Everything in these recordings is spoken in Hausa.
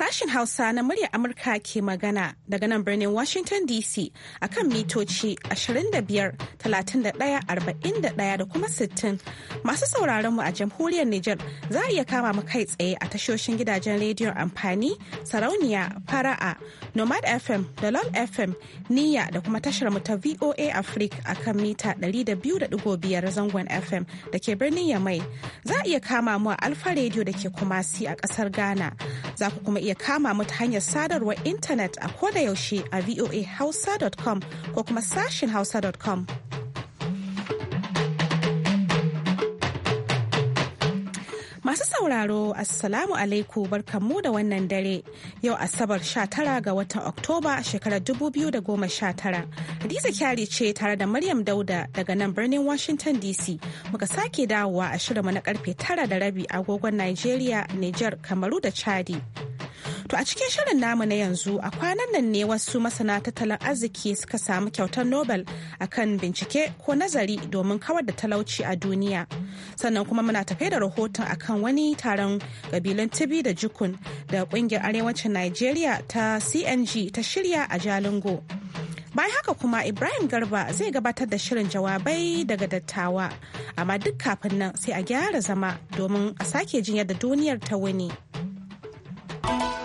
Sashen Sashen Hausa na murya Amurka ke magana daga nan birnin Washington DC a kan mitoci 25, 41 da kuma 60. Masu sauraron mu a jamhuriyar Nijar za a iya kama mu kai tsaye a tashoshin gidajen rediyon amfani, sarauniya, fara'a, Nomad FM da LOL FM, Niyya da kuma tashar mu ta VOA Africa a kan mita 200.5 zangon FM da ke birnin Yamai. Za a iya kama mu a Alfa Radio da ke Kumasi a kasar Ghana. Za ku kuma iya kama mu ta hanyar sadarwar intanet a koda yaushe a voahausa.com ko kuma sashin hausa.com. Masu sauraro, Assalamu alaikum barkanmu da wannan dare. Yau Asabar 19 ga watan Oktoba shekarar 2019. Hadiza kyari ce tare da Maryam Dauda daga nan birnin Washington DC. Muka sake dawowa a shirinmu na karfe 9 da rabi agogon Nigeria, Niger, Kamaru da Chadi. To a cikin shirin namu na yanzu a kwanan nan ne wasu masana tattalin arziki suka samu kyautar Nobel kan bincike ko nazari domin kawar da talauci a duniya. Sannan kuma muna tafe da rahoton akan wani taron kabilan Tibi da Jukun da kungiyar arewacin Nigeria ta CNG ta shirya a Jalingo. Bayan haka kuma Ibrahim Garba zai gabatar da shirin jawabai daga dattawa, amma duk kafin nan sai a gyara zama domin a sake jin yadda duniyar ta wuni. thank you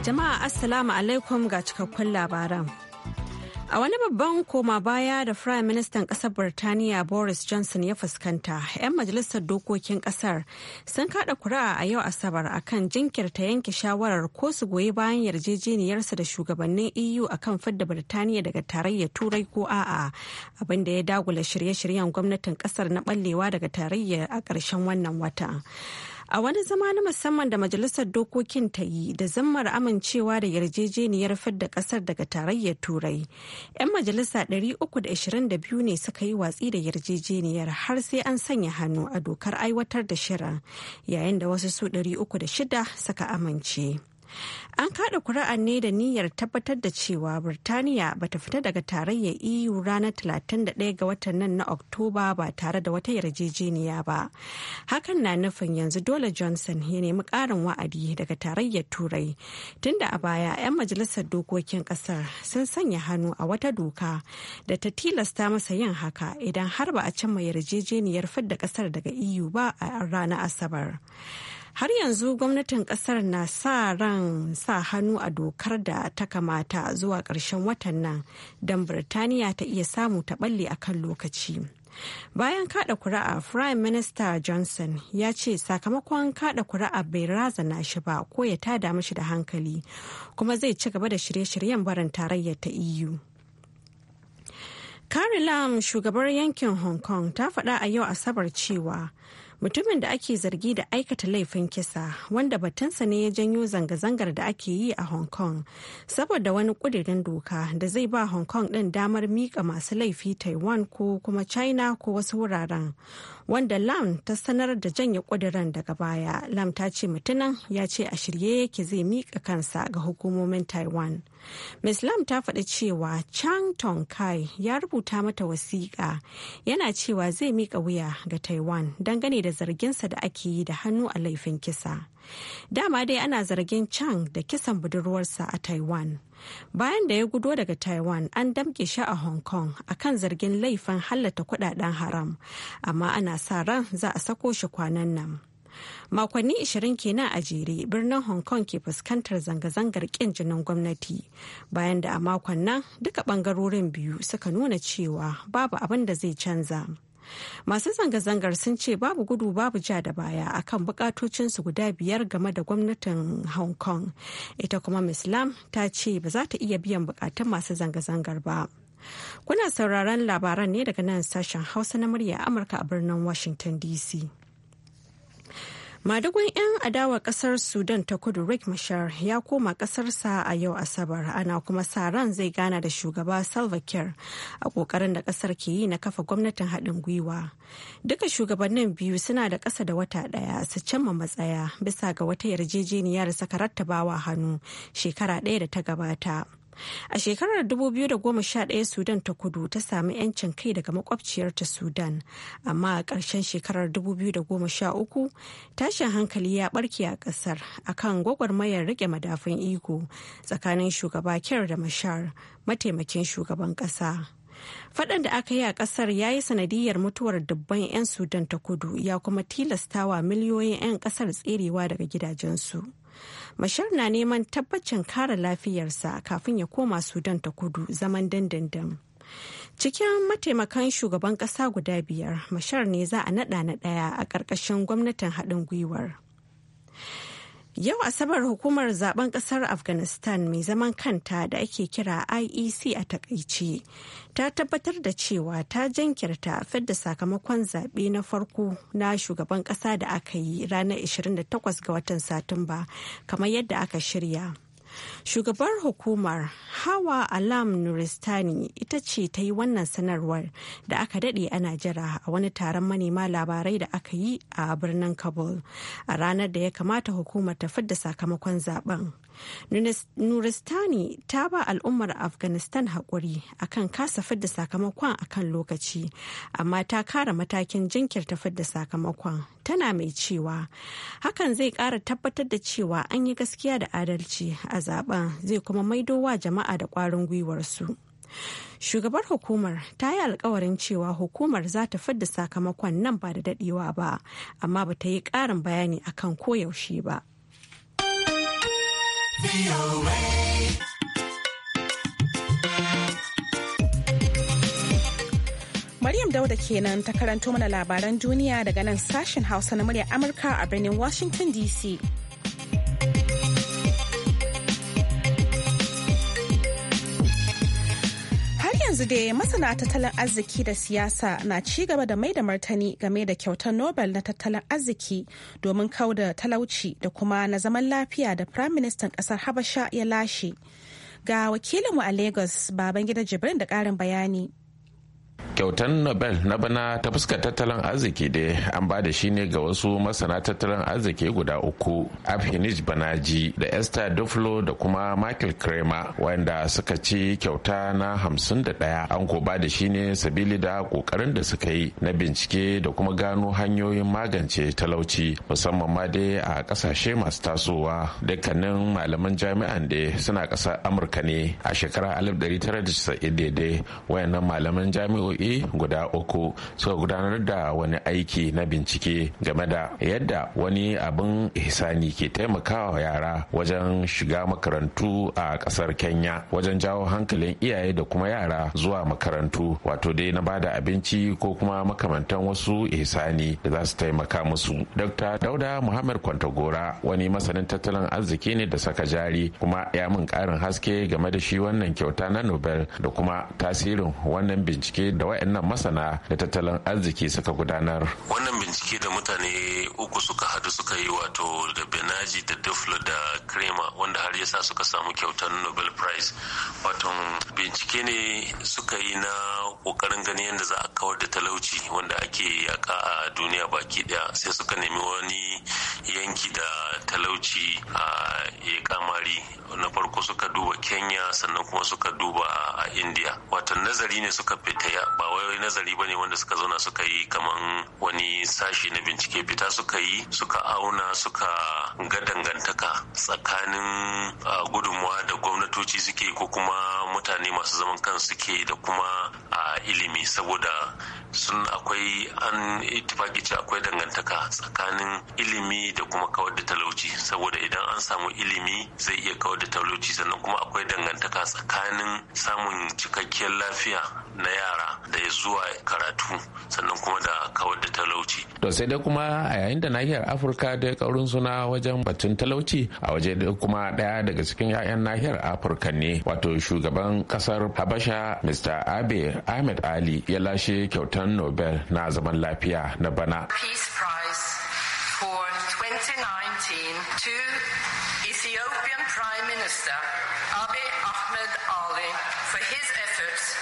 Jama'a Assalamu alaikum ga cikakkun labaran. A wani babban koma baya da Firayim Ministan Ƙasar Birtaniya Boris Johnson ya fuskanta, 'yan majalisar dokokin ƙasar sun kaɗa kura a yau Asabar akan jinkirta yanke shawarar ko su goyi bayan yarjejeniyarsa da shugabannin EU akan fidda Birtaniya daga tarayyar Turai ko a'a, abin da ya dagula shirye-shiryen gwamnatin ƙasar na ɓallewa daga tarayya a ƙarshen wannan wata. A wani zama na musamman da Majalisar Dokokin ta yi da zammar amincewa da yarjejeniyar fidda kasar daga tarayyar Turai. 'Yan majalisa 322 ne suka yi watsi da yarjejeniyar har sai an sanya hannu a dokar aiwatar da shirin yayin da wasu su 306 suka amince. An kada kuri'an ne da niyyar tabbatar da cewa Birtaniya ba ta fita daga tarayyar EU ranar 31 ga watan nan na Oktoba ba tare da wata yarjejeniya ba. Hakan na nufin yanzu dole Johnson ya nemi ƙarin wa'adi daga tarayyar Turai. Tunda a baya 'yan majalisar dokokin kasar sun sanya hannu a wata doka da ta tilasta masa yin haka idan har ba a cimma yarjejeniyar fidda kasar daga EU ba a ranar Asabar. har yanzu gwamnatin kasar na sa ran sa hannu a dokar da ta kamata zuwa ƙarshen watan nan don birtaniya ta iya samu ta balle a kan lokaci bayan kada kura'a, prime minister johnson ya ce sakamakon kada kura'a bai razana shi ba ko ya tada mashi da hankali kuma zai ci gaba da shirye-shiryen barin tarayyar ta eu Carrie Lam, shugabar yankin Hong Kong, ta faɗa a yau Asabar cewa mutumin da ake zargi da aikata laifin kisa wanda batunsa ne ya janyo zanga-zangar da ake yi a hong kong saboda wani kudirin doka da zai ba hong kong din damar miƙa masu laifi taiwan ko kuma china ko wasu wuraren wanda lam ta sanar da janye kuduran daga baya lam ta ce mutumin ya ce a shirye yake zai miƙa kansa ga hukumomin taiwan ms lam ta faɗi cewa chang tong kai ya rubuta mata wasiƙa yana cewa zai miƙa wuya ga taiwan dangane da zarginsa da ake yi da hannu a laifin kisa Dama dai ana zargin Chang da kisan budurwarsa a Taiwan. Bayan da ya gudo daga Taiwan an damke shi a Hong Kong akan zargin laifin hallata kudaden haram, amma ana sa ran za a sako shi kwanan nan. makonni 20 kenan a jere birnin hong kong ke fuskantar zanga-zangar kin jinin gwamnati bayan da a makon nan duka bangarorin biyu suka nuna cewa babu abin da zai canza. masu zanga-zangar sun ce babu gudu babu ja da baya akan bukatocinsu guda biyar game da gwamnatin hong kong ita kuma miss lam ta ce ba za ta iya biyan bukatun masu zanga-zangar ba kuna sauraron labaran ne daga nan sashen hausa na murya amurka a birnin washington dc Madugun 'yan adawa kasar Sudan ta kudu Rick Mashar ya koma kasarsa a yau Asabar ana kuma sa ran zai gana da shugaba Salva Kiir a kokarin da kasar ke yi na kafa gwamnatin haɗin gwiwa. Duka shugabannin biyu suna da ƙasa da wata ɗaya su cimma matsaya bisa ga wata yarjejeniya da saka rattabawa hannu shekara ɗaya da ta gabata. A shekarar 2011 Sudan ta kudu ta sami 'yancin kai daga makwabciyarta Sudan, amma a ƙarshen shekarar 2013 tashin hankali ya barke a ƙasar a kan gwagwarmayar riƙe madafun iko tsakanin shugaba kyar da Mashar, mataimakin shugaban ƙasa. Faɗan da aka yi a ƙasar ya yi sanadiyar mutuwar dubban 'yan Sudan ta kudu ya kuma tilastawa miliyoyin 'yan ƙasar tserewa daga gidajensu. Bashir na neman tabbacin kare lafiyarsa kafin ya koma Sudan ta kudu zaman dandandan. Cikin mataimakan shugaban ƙasa guda biyar, mashar ne za a naɗa na ɗaya a ƙarƙashin gwamnatin haɗin gwiwar. Yau Asabar hukumar zaben kasar Afghanistan mai zaman kanta da ake kira IEC a taƙaice ta tabbatar da cewa ta jankirta da sakamakon zaɓe na farko na shugaban ƙasa da aka yi ranar 28 ga watan Satumba kamar yadda aka shirya. Shugabar hukumar Hawa Alam Nuristani ita ce ta yi wannan sanarwar da aka daɗe ana jira a wani taron manema labarai da aka yi a birnin Kabul a ranar da ya kamata hukumar ta fidda sakamakon zaben. nuristani ta ba al'ummar afghanistan haƙuri akan kasa fidda sakamakon a kan lokaci amma ta kara matakin jinkirta fidda sakamakon tana mai cewa hakan zai ƙara tabbatar da cewa an yi gaskiya da adalci a zaben zai kuma maido wa jama'a da ƙwarin gwiwarsu. shugabar hukumar ta yi alkawarin cewa hukumar za ta fidda sakamakon nan ba da dadewa ba amma ba ta yi ƙarin bayani akan koyaushe ba Maryam Dauda kenan ta karanto mana labaran duniya daga nan sashen Hausa na murya Amurka a birnin Washington DC. yanzu dai masana tattalin arziki da siyasa na ci gaba da mai da martani game da kyautar Nobel na tattalin arziki domin kau da talauci da kuma na zaman lafiya da Prime Minister kasar Habasha ya lashe. Ga wakilinmu a Lagos, Babangida Jibrin da ƙarin bayani. Kyautan nobel na bana ta fuskar tattalin arziki da an ba da shi ne ga wasu masana tattalin arziki guda uku abhinij banaji da esther duflo da kuma michael kramer wanda suka ci kyauta na hamsin da ɗaya an ko ba da shi ne sabili da kokarin da suka yi na bincike da kuma gano hanyoyin magance talauci musamman ma dai a kasashe masu tasowa dukkanin malaman jami'an da suna ƙasar amurka ne a shekarar 1990 wayannan malaman jami'o jami'o'i guda uku suka gudanar da wani aiki na bincike game da yadda wani abin ihsani ke taimakawa yara wajen shiga makarantu a kasar kenya wajen jawo hankalin iyaye da kuma yara zuwa makarantu wato dai na bada abinci ko kuma makamantan wasu ihsani da za su taimaka musu dr dauda muhammad kwantagora wani masanin tattalin arziki ne da saka jari kuma ya min karin haske game da shi wannan kyauta na nobel da kuma tasirin wannan bincike da wayannan masana da tattalin arziki suka gudanar wannan bincike da mutane uku suka hadu suka yi wato da benaji da duflo da krema wanda har yasa suka samu kyautar nobel prize wato bincike ne suka yi na kokarin ganin yadda za a kawar da talauci wanda ake yaka a duniya baki daya sai suka nemi wani yanki da talauci a ya kamari na farko suka duba kenya sannan kuma suka duba a india wato nazari ne suka fita ba wai nazari bane wanda suka zauna suka yi kaman wani sashi na bincike fita suka yi suka auna suka ga dangantaka tsakanin gudunmawa da gwamnatoci suke ko kuma mutane masu zaman kansu suke da kuma a ilimi saboda sun akwai an itifaki ce akwai dangantaka tsakanin ilimi da kuma kawar da talauci saboda idan an samu ilimi zai iya kawar da talauci sannan kuma akwai dangantaka tsakanin samun cikakkiyar lafiya na yara da ya zuwa karatu sannan kuma da kawar da talauci. To sai dai kuma a yayin da nahiyar Afirka da kaurin suna wajen batun talauci a waje da kuma daya daga cikin 'ya'yan nahiyar Afirka ne wato shugaban kasar Habasha Mr. Abe Ahmed Ali ya lashe kyautar Nobel na zaman lafiya na bana. Peace Prize for 2019 to Ethiopian Prime Minister Abe Ahmed Ali for his efforts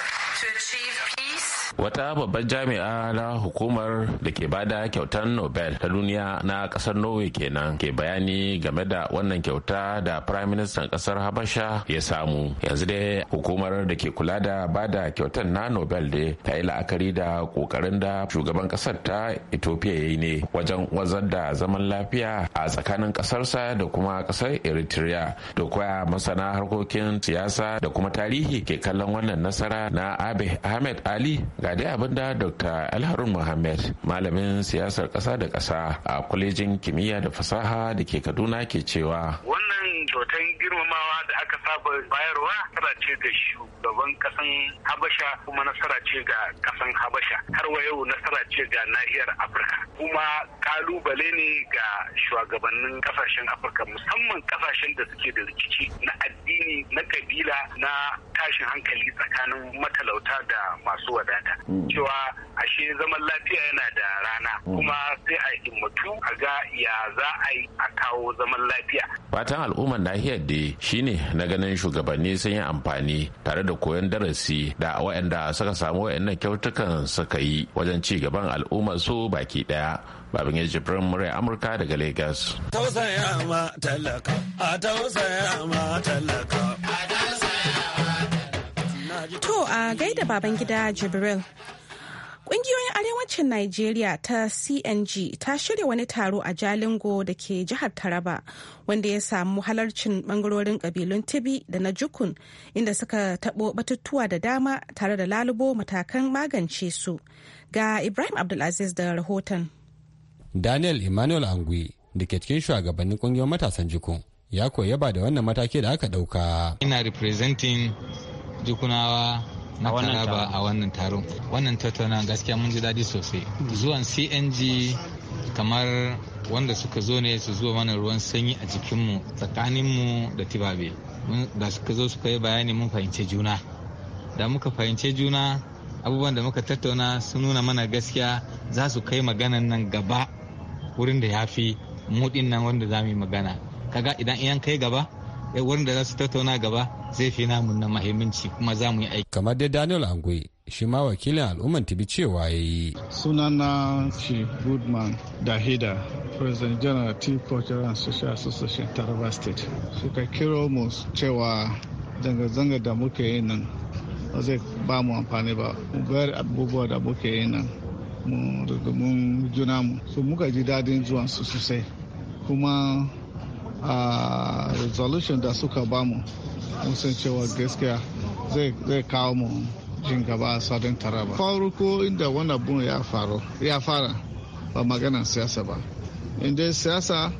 Wata babbar jami'a na hukumar da ke bada kyautar Nobel ta duniya na kasar Norway kenan ke bayani game da wannan kyauta da Prime Minister kasar Habasha ya samu. Yanzu dai hukumar da ke kula da bada kyautar na Nobel dai ta yi la'akari da kokarin da shugaban kasar ta Ethiopia ya yi ne wajen wazar da zaman lafiya a tsakanin kasarsa da kuma kasar Eritrea da kuwa masana harkokin siyasa da kuma tarihi ke kallon wannan nasara na abe ahmed ali ga dai abin da dr alharun muhammad malamin siyasar ƙasa da ƙasa a kwalejin kimiyya da fasaha da ke kaduna ke cewa wannan irin girmamawa da aka saba bayarwa nasara ce ga shugaban kasan habasha kuma nasara ce ga kasan habasha har wa yau nasara ce ga nahiyar afirka kuma kalubale ne ga shugabannin kasashen afirka musamman kasashen da suke da rikici na addini na kabila na tashin hankali tsakanin matalauta da masu wadata hmm. cewa ashe zaman lafiya yana da rana hmm. kuma sai a himmatu a ga ya za a yi a kawo zaman lafiya fatan al'umma al'umman nahiyar da shine na ganin shugabanni sun yi amfani tare da koyon darasi da waɗanda suka samu waɗannan kyautukan suka yi wajen ci gaban al'umma su baki ɗaya babin ya jibrin murai amurka daga lagos tausaya ma talaka a tausaya ma talaka To a gaida baban gida Jibril. Ƙungiyoyin Arewacin Najeriya ta CNG ta shirya wani taro a Jalingo da ke jihar Taraba wanda ya samu halarcin bangarorin kabilun Tibi da na Jukun inda suka taɓo batutuwa da dama tare da lalubo matakan magance su. Ga Ibrahim Abdulaziz da rahoton. Daniel Emmanuel Angui da ke cikin shugabannin ƙungiyoyin matasan Jukun ya koya ba da wannan mataki da aka ɗauka. Ina representing Jukunawa na taraba a wannan taron wannan tattaunawa gaskiya mun ji daɗi sosai zuwan cng kamar wanda suka zo ne su zuwa mana ruwan sanyi a jikinmu tsakaninmu da tibabe da suka zo suka yi bayani mun fahimci juna da muka fahimci juna abubuwan da muka tattauna su nuna mana gaskiya za su kai maganan nan gaba wurin da ya fi mudin nan wanda za mu yi magana kaga idan iyan kai gaba Eh, wurin da za su tattauna gaba zai fi namun na mahimmanci kuma za mu yi aiki. Kamar dai Daniel Angwe shi ma wakilin al'ummar, tibi cewa ya yi. Sunana shi Goodman Dahida, President General Tea Culture and Social Association Taraba State. Suka kiro mu cewa zanga-zanga da muke yi nan ba zai ba mu amfani ba. Mu bayar abubuwa da muke yi nan. Mu rigimin juna mu. So muka ji dadin su sosai. Kuma a resolution da suka bamu mun san cewa gaskiya zai kawo mu jin gaba a sadin taraba farko inda wani abu ya fara ba maganan siyasa ba inda siyasa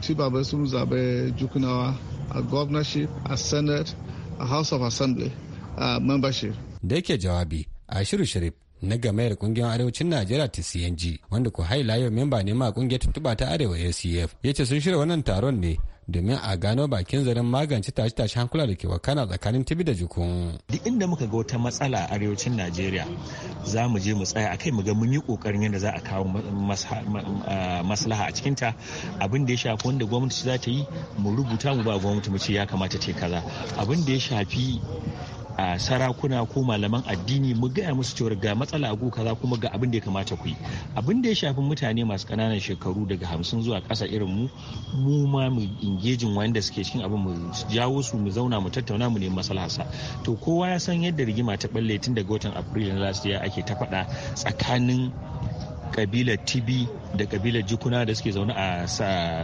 ci babai sun zabe jukunawa a governorship a senate a house of assembly a membership da yake jawabi a shirin sharif na gamayar kungiyar arewacin najeriya ta cng wanda ko haila yau memba ne ma kungiyar tuntuba ta arewa acf ya ce sun shirya wannan taron ne domin a gano bakin zaren magance tashe-tashe hankula da ke wakana tsakanin tibi da jikun. Duk inda muka ga wata matsala a arewacin Najeriya za mu je mu tsaya a kai mu ga mun yi kokarin yadda za a kawo maslaha a cikinta abin da ya shafi wanda gwamnati za ta yi mu rubuta mu ba gwamnati mu ce ya kamata ta kaza abin da ya shafi a sarakuna ko malaman addini mu gaya musu cewar ga matsala a kaza kuma ga abin da ya kamata ku yi abin da ya shafi mutane masu kananan shekaru daga hamsin zuwa kasa irin mu mu ma mu ingejin wanda suke cikin abin mu jawo su mu zauna mu tattauna mu nemi maslaharsa to kowa ya san yadda rigima ta balle tun daga watan afrilu na last ake ta faɗa tsakanin kabilar tibi da kabilar jikuna da suke zaune a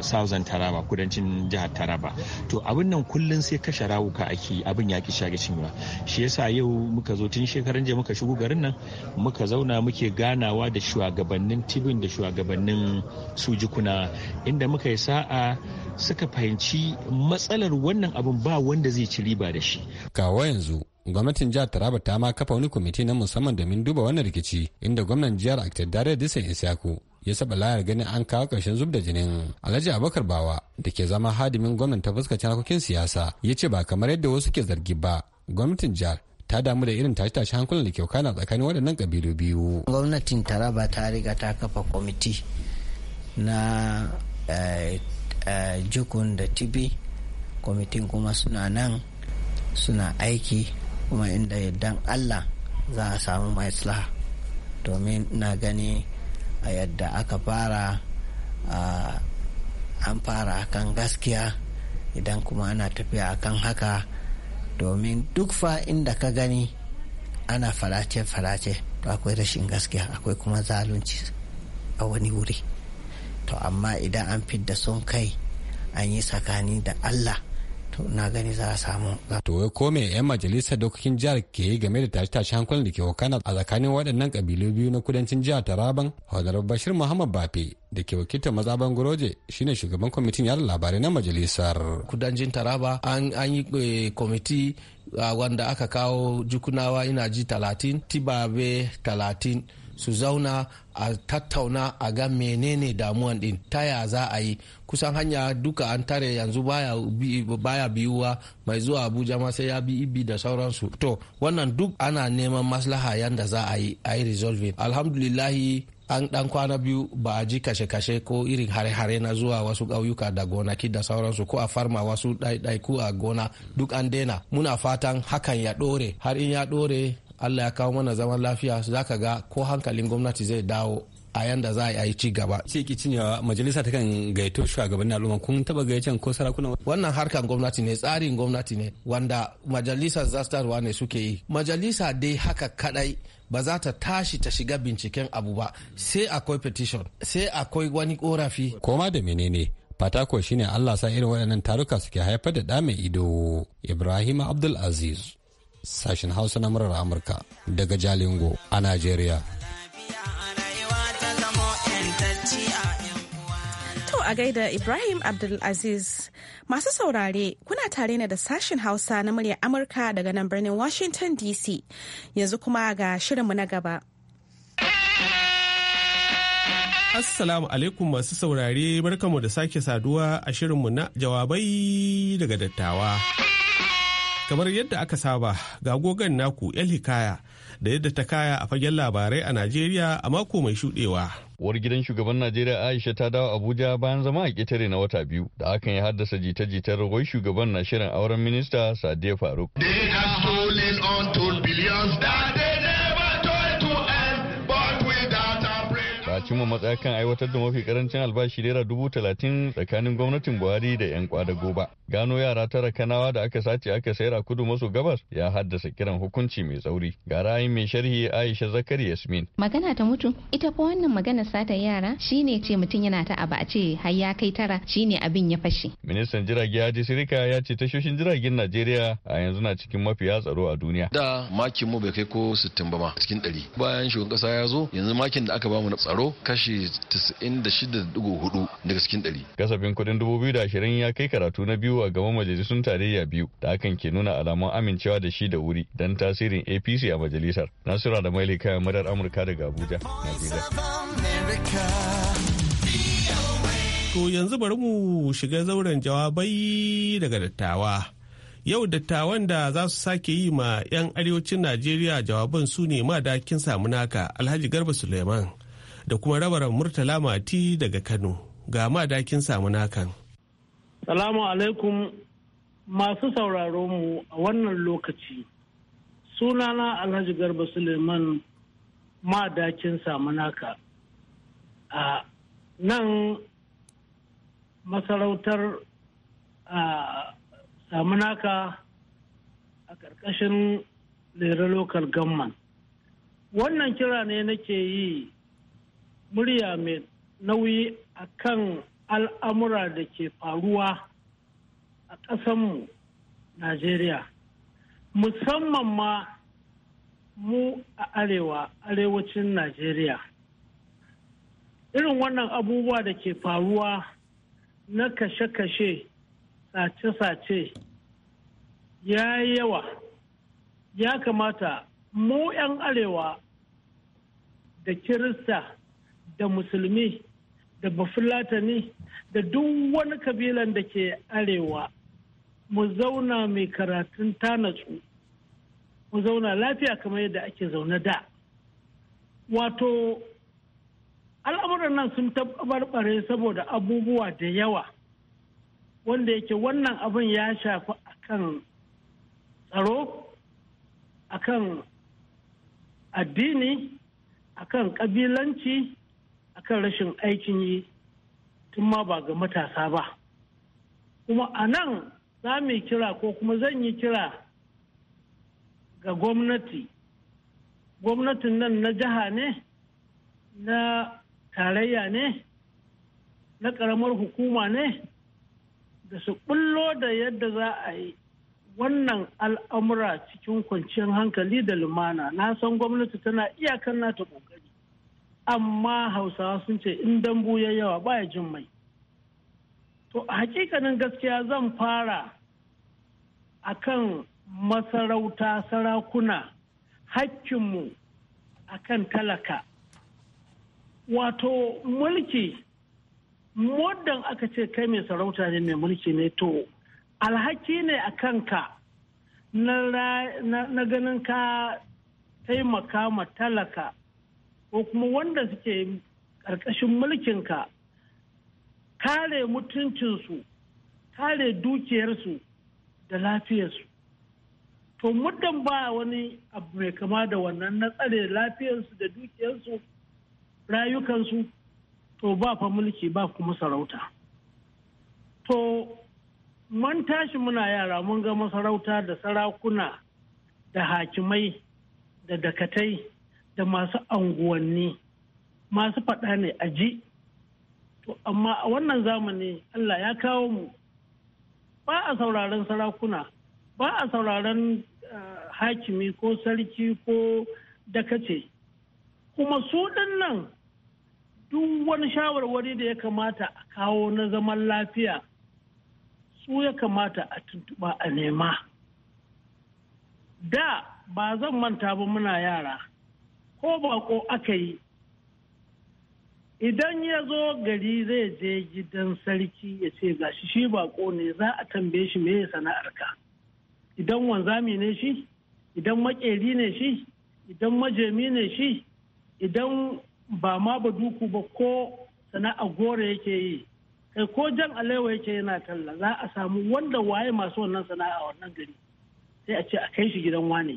southern taraba kudancin jihar taraba to abin nan kullum sai kashe rawuka ake abin ya ki shage cinyewa shi yasa yau muka zo tun shekaran jiya muka shigo garin nan muka zauna muke ganawa da shugabannin tibin da shugabannin su jikuna inda muka yi sa'a suka fahimci matsalar wannan abin ba wanda zai ci riba da shi ga yanzu gwamnatin jihar taraba ta ma kafa wani kwamiti na musamman domin duba wannan rikici inda gwamnan jihar da disan isyaku ya saba layar ganin an kawo karshen zub da jinin alhaji abubakar bawa da ke zama hadimin gwamnan ta fuskacin harkokin siyasa ya ce ba kamar yadda wasu ke zargi ba gwamnatin jihar ta damu da irin tashe tashi hankulan da ke kana tsakanin waɗannan ƙabilu biyu. gwamnatin taraba ta riga ta kafa kwamiti na eh, eh, jukun da tibi kwamitin kuma suna nan suna aiki kuma inda yaddan allah za a samu maislaha domin na gani a yadda aka fara an fara akan gaskiya idan kuma ana tafiya akan haka domin duk fa inda ka gani ana farace-farace to akwai rashin gaskiya akwai kuma zalunci a wani wuri to amma idan an fidda sun kai an yi tsakani da allah to na gani za a samu to wai ko me yan majalisar dokokin jihar ke yi game da tashi tashi hankulan da ke wakana a tsakanin waɗannan kabilu biyu na kudancin jihar taraban hodar bashir muhammad bafe da ke wakiltar maza guroje shine shugaban kwamitin yada labarai na majalisar kudancin taraba an yi eh, kwamiti ah, wanda aka kawo jukunawa ina ji talatin tibabe talatin su zauna a tattauna a ga menene damuwan din ta za a yi kusan hanya duka an tare yanzu baya, biyuwa mai zuwa abuja ma sai ya bi ibi da sauransu to wannan duk ana neman maslaha yanda za a yi a yi resolving alhamdulillahi an dan kwana biyu ba a ji kashe-kashe ko irin hare-hare na zuwa wasu ƙauyuka da gonaki da sauransu ko a farma wasu ɗaiɗaiku a gona duk an daina muna fatan hakan ya ɗore har in ya ɗore allah ya kawo mana zaman lafiya za ka ga ko hankalin gwamnati zai dawo a yanda za a yi ci gaba. Ce ki cinyewa majalisa ta kan gaito gabanin al'umma kun taba gayyacen ko sarakuna. Wannan harkan gwamnati ne tsarin gwamnati ne wanda majalisa zastarwa ne suke yi. Majalisa dai haka kadai ba za ta tashi ta shiga binciken abu ba sai akwai petition sai akwai wani korafi. Koma da menene fatako shine Allah sa irin waɗannan taruka suke haifar da ɗa mai ido. Ibrahim Abdul Aziz. sashen hausa na murar amurka daga jalingo a najeriya to a gaida ibrahim abdulaziz masu saurare kuna tare ne da sashen hausa na murya amurka daga nan birnin washington dc yanzu kuma ga shirinmu na gaba Assalamu alaikum masu saurare barkamu da sake saduwa a shirinmu na jawabai daga dattawa. kamar yadda aka saba ga gogon naku yan hikaya da yadda ta kaya a fagen labarai a najeriya a mako mai shudewa uwar gidan shugaban najeriya aisha ta dawo abuja bayan zama a ƙetare na wata biyu da hakan ya haddasa jita-jitar wai shugaban na shirin auren minista sadiya faruk cimma matsaya kan aiwatar da mafi karancin albashi naira dubu talatin tsakanin gwamnatin buhari da 'yan kwada goba. gano yara tara kanawa da aka sace aka sayar a kudu maso gabas ya haddasa kiran hukunci mai tsauri ga ra'ayin mai sharhi aisha zakari yasmin magana ta mutu ita fa wannan magana sata yara shine ce mutum yana ta aba a ce har ya kai tara shine abin ya fashe ministan jirage haji sirika ya ce tashoshin jiragen najeriya a yanzu na cikin mafiya tsaro a duniya da makin bai kai ko sittin ba ma cikin ɗari bayan shugaban kasa ya zo yanzu makin da aka bamu na tsaro kashi 96.4 daga cikin 100. Kasafin kudin 2020 ya kai karatu na biyu a gaban majalisun tarayya biyu da hakan ke nuna alamun amincewa da shi da wuri don tasirin APC a majalisar. Nasura da Maili kayan madar Amurka daga Abuja, To yanzu bari mu shiga zauren jawabai daga dattawa. Yau dattawan da za su sake yi ma 'yan arewacin Najeriya jawaban su ne ma dakin samu naka Alhaji Garba Suleiman. da kuma rabarar murtala mati daga kano ga madakin samu nakan salamu alaikum masu sauraro mu a wannan lokaci sunana alhaji garba suleiman madakin samu naka a nan masarautar a naka a ƙarƙashin lera lokal gamman wannan kira ne nake yi murya mai nauyi a kan al'amura da ke faruwa a ƙasanmu najeriya musamman ma mu a arewa arewacin najeriya irin wannan abubuwa da ke faruwa na kashe-kashe sace-sace ya yawa ya kamata mu 'yan arewa da kirista da musulmi da bafulatani da duk wani kabilan da ke arewa mu zauna mai karatun ta tanatsu mu zauna lafiya kamar yadda ake zaune da wato al'amuran nan sun tabarbare saboda abubuwa da yawa wanda yake wannan abin ya shafi akan tsaro akan addini akan kabilanci akan rashin aikin yi tun ma ba ga matasa ba kuma a nan za mu yi kira ko kuma zan yi kira ga gwamnati gwamnatin nan na jiha ne na tarayya ne na ƙaramar hukuma ne da su ɓullo da yadda za a yi wannan al'amura cikin kwanciyar hankali da lumana na san gwamnati tana iyakar nata ƙoƙari amma hausawa sun ce in dambu ya yawa baya jin mai to hakikanin gaskiya zan fara akan masarauta sarakuna hakkinmu akan talaka wato mulki moddan aka ce kai mai sarauta ne mai mulki ne to alhaki ne a kanka na ganin ka taimaka ma talaka ko kuma wanda suke ƙarƙashin mulkinka kare mutuncinsu kare dukiyarsu da lafiyarsu to muddin ba wani abu mai kama da wannan na tsare lafiyarsu da dukiyarsu rayukansu to ba fa mulki ba kuma sarauta to mun tashi muna yara mun ga masarauta da sarakuna da hakimai da dakatai da masu anguwanni masu faɗa ne a ji amma a wannan zamani allah ya kawo mu ba a sauraron sarakuna ba a sauraron eh, hakimi ko sarki ko dakace kuma su nan duk wani shawarwari da ya kamata a kawo na zaman lafiya su ya kamata a tuntuɓa a nema da ba zan manta ba muna yara ko bako aka yi idan ya zo gari zai je gidan sarki ya ce gashi shi bako ne za a tambaye shi me sana'arka idan wanzami ne shi idan makeri ne shi idan majemi ne shi idan ba ma ba duku ba ko sana'a gore yake yi kai ko jan alewa yake yana talla za a samu wanda waye masu wannan sana'a wannan gari sai a ce a kai shi gidan wane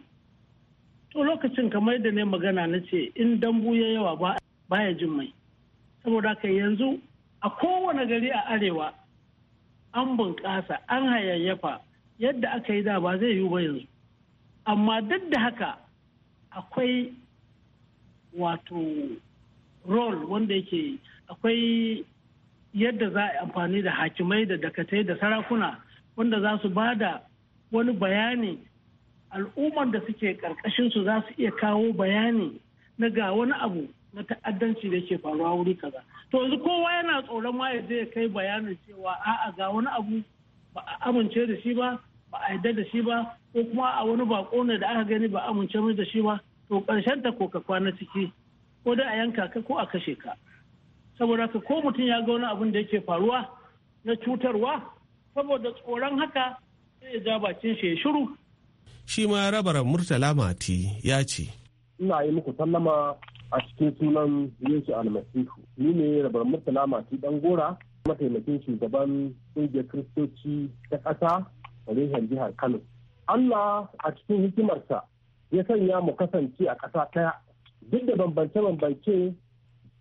to lokacin kamar da ne magana na ce in dambu ya yawa ba baya jin mai saboda haka yanzu a kowane gari a arewa an bunƙasa an hayayyafa yadda aka yi da ba zai yi ba yanzu amma duk da haka akwai wato role wanda yake akwai yadda za a amfani da hakimai da dakatai da sarakuna wanda za su ba da wani bayani al'ummar da suke karkashin su za su iya kawo bayani na ga wani abu na ta'addanci da ke faruwa wuri kaza to yanzu kowa yana tsoron ma ya ya kai bayanin cewa a'a ga wani abu ba a amince da shi ba ba a yarda da shi ba ko kuma a wani bako ne da aka gani ba a amince mai da shi ba to karshen ta ko ka kwana ciki ko dai a yanka ka ko a kashe ka saboda ka ko mutum ya ga wani abin da yake faruwa na cutarwa saboda tsoron haka sai ya ja bakin shi ya shiru shi ma rabaran murtala mati ya ce ina yi muku sallama a cikin sunan yesu almasihu ni ne rabar murtala mati dan gora mataimakin shugaban ƙungiyar kiristoci ta ƙasa a reshen jihar kano allah a cikin hikimarsa ya sanya mu kasance a ƙasa ɗaya duk da bambance-bambance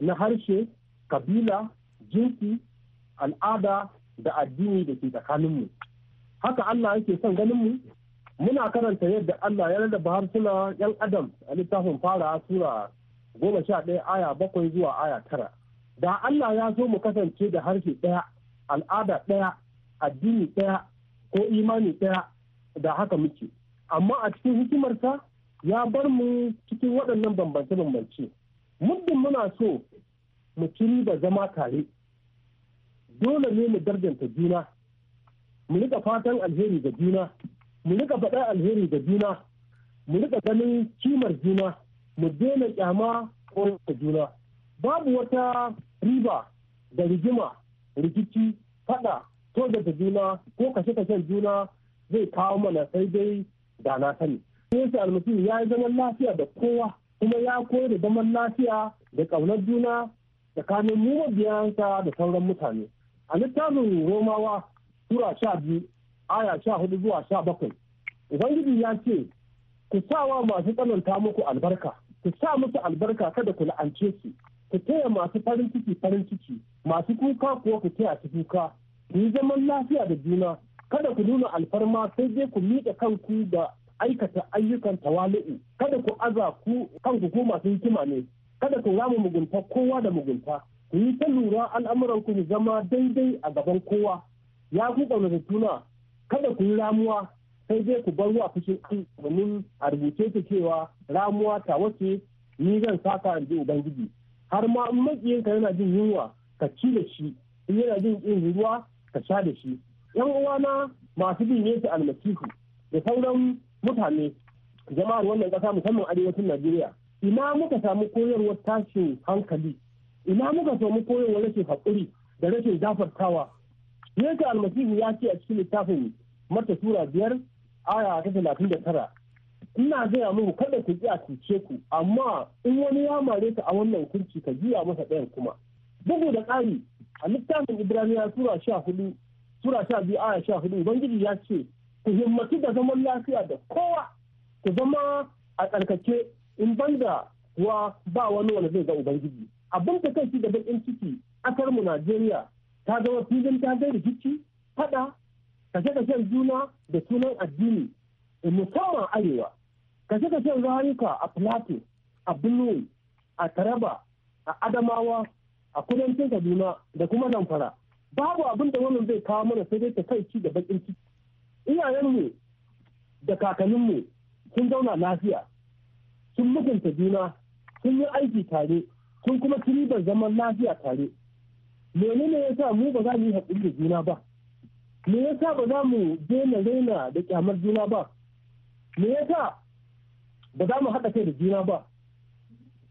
na harshe kabila jinsi al'ada da addini da ke tsakaninmu haka allah yake son ganinmu muna karanta yadda Allah ya rarraba harsuna yan adam a littafin fara sura goma sha ɗaya aya bakwai zuwa aya tara da Allah ya so mu kasance da harshe ɗaya al'ada ɗaya addini ɗaya ko imani ɗaya da haka muke amma a cikin hikimarsa ya bar mu cikin waɗannan bambance-bambance muddin muna so mu ci da zama tare dole ne mu darjanta juna mu riƙa fatan alheri ga juna mu rika faɗa alheri da juna mu rika ganin kimar juna mu daina kyama ko juna babu wata riba da rigima rikici faɗa ko da juna ko kashe kashen juna zai kawo mana sai dai da na sani yesu almasihu ya yi zaman lafiya da kowa kuma ya koyar da zaman lafiya da ƙaunar juna tsakanin mu mabiyansa da sauran mutane a littafin romawa tura sha biyu aya sha hudu zuwa sha bakwai ubangiji ya ce ku sa wa masu tsananta muku albarka ku sa musu albarka kada ku la'ance su ku taya masu farin ciki farin ciki masu kuka kuwa ku taya su kuka ku yi zaman lafiya da juna kada ku nuna alfarma sai dai ku miƙa kanku da aikata ayyukan tawali'u kada ku aza ku kanku ko masu hikima ne kada ku rama mugunta kowa da mugunta ku yi ta lura al'amuran ku zama daidai a gaban kowa ya ku ƙaunar juna kada ku yi ramuwa sai dai ku bar ruwa fushin domin a rubuce ta cewa ramuwa ta wace ni zan saka in ji ubangiji har ma in makiyinka yana jin yunwa ka ci da shi in yana jin in ruwa ka sha da shi yan uwa na masu bin yesu almasihu da sauran mutane jama'ar wannan ƙasa musamman arewacin najeriya ina muka samu koyarwar tashin hankali ina muka samu koyarwar rashin haƙuri da rashin gafartawa yesu almasihu ya ce a cikin littafin mata tura biyar aya ta talatin da tara ina gaya muku kada ku ji a cuce ku amma in wani ya mare ta a wannan kurci ka juya masa ɗayan kuma bugu da ƙari a littafin ibraniya sura sha hudu sura sha biyu aya sha hudu ubangiji ya ce ku himmatu da zaman lafiya da kowa ku zama a tsarkake in banda kuwa ba wani wani zai ga ubangiji abin da kai da baƙin ciki ƙasarmu najeriya ta zama filin ta zai rikici fada kashe-kashen juna da sunan addini eh, musamman arewa kashe-kashen rayuka a plateau a benue a taraba a adamawa a kudancin kaduna da kuma zamfara babu abin da wannan zai kawo mana sai dai ta kai ci da bakin ciki iyayenmu da kakanninmu sun zauna lafiya sun mutunta juna sun yi aiki tare sun kuma kiribar zaman lafiya tare menene ya sa mu ba za mu yi haƙuri da juna ba me yasa ba za mu daina raina da kyamar juna ba me yasa ba za mu haɗa kai da juna ba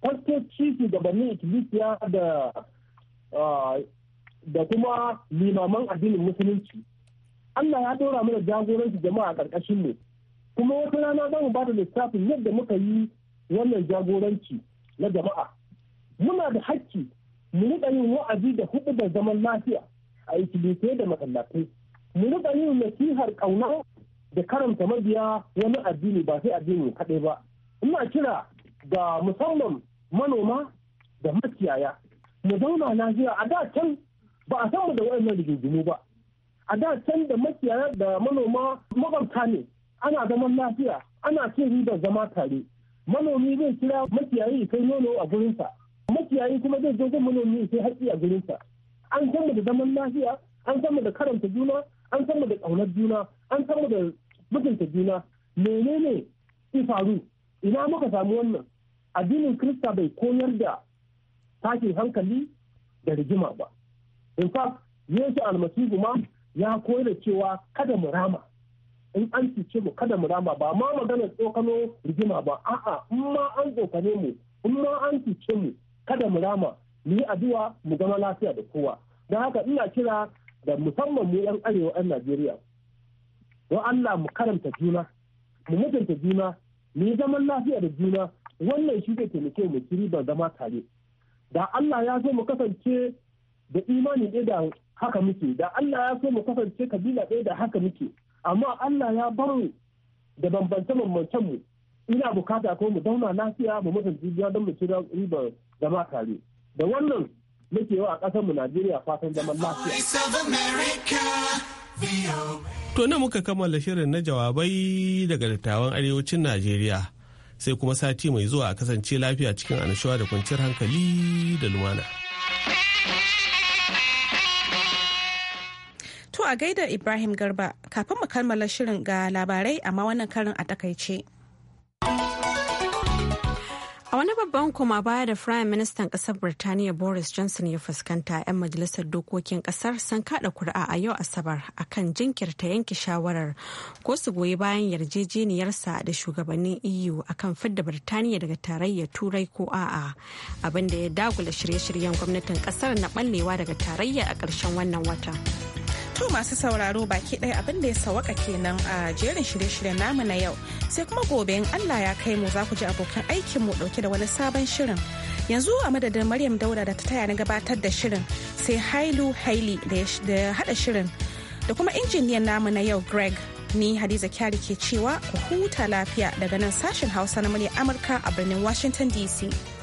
fastoci shugabannin ikilisiya da da kuma limaman addinin musulunci Allah ya ɗora mana jagoranci jama'a a ƙarƙashin mu kuma wata rana za mu bada lissafin yadda muka yi wannan jagoranci na jama'a muna da hakki mu riƙa yin wa'azi da hudu da zaman lafiya a ikilisiya da masallatai mu riƙa yin nasihar ƙauna da karanta mabiya wani addini ba sai addini kaɗai ba ina kira ga musamman manoma da makiyaya mu zauna lafiya a da can ba a san mu da wayannan rigingimu ba a da can da makiyaya da manoma makwabta ne ana zaman lafiya ana cin ribar zama tare manomi zai kira makiyayi kai nono a gurinsa makiyayi kuma zai je manomi sai haƙƙi a gurinsa an san mu da zaman lafiya an san mu da karanta juna an san mu da ƙaunar juna an san mu da mutunta juna menene ya faru ina muka samu wannan addinin krista bai koyar da tashin hankali da rigima ba in fact yesu almasihu ma ya koyar da cewa kada mu rama in an cice mu kada mu rama ba ma maganar tsokano rigima ba a'a in ma an tsokane mu in ma an cice mu kada mu rama mu yi addu'a mu zama lafiya da kowa don haka ina kira da musamman mu yan arewa yan najeriya don allah mu karanta juna mu mutunta juna mu yi zaman lafiya da juna wannan shi zai taimake mu ci ribar zama tare da allah ya so mu kasance da imani ɗaya da haka muke da allah ya so mu kasance kabila ɗaya da haka muke amma allah ya bar mu da bambance bambancen mu ina bukata ko mu zauna lafiya mu mutunta juna don mu ci ribar zama tare da wannan muke yawa a mu Najeriya fatan zaman lafiya. To na muka kammala shirin na jawabai daga dattawan arewacin Najeriya sai kuma sati mai zuwa a kasance lafiya cikin annashuwa da kwanciyar hankali da lumana. To a gaida Ibrahim Garba kafin mu kammala shirin ga labarai amma wannan karin a takaice. A wani babban koma baya da Firayim Ministan kasar Birtaniya Boris Johnson ya fuskanta 'yan majalisar dokokin ƙasar sun kaɗa kuri'a a yau Asabar akan jinkirta yanke shawarar ko su goyi bayan yarjejeniyarsa da shugabannin EU akan fidda Birtaniya daga tarayyar Turai ko a'a abin da ya dagula shirye-shiryen gwamnatin kasar na ballewa daga tarayya a ƙarshen wannan wata. To masu sauraro baki ɗaya abin da ya sawaka kenan a jerin shirye-shiryen namu na yau. Sai kuma gobe in Allah ya kai mu za ku ji abokan aikin mu ɗauke da wani sabon shirin. Yanzu a madadin Maryam Dauda da ta taya na gabatar da shirin sai Hailu Haili da haɗa shirin da kuma injiniyan namu na yau Greg. Ni Hadiza Kyari ke cewa ku huta lafiya daga nan sashen Hausa na murya Amurka a birnin Washington DC.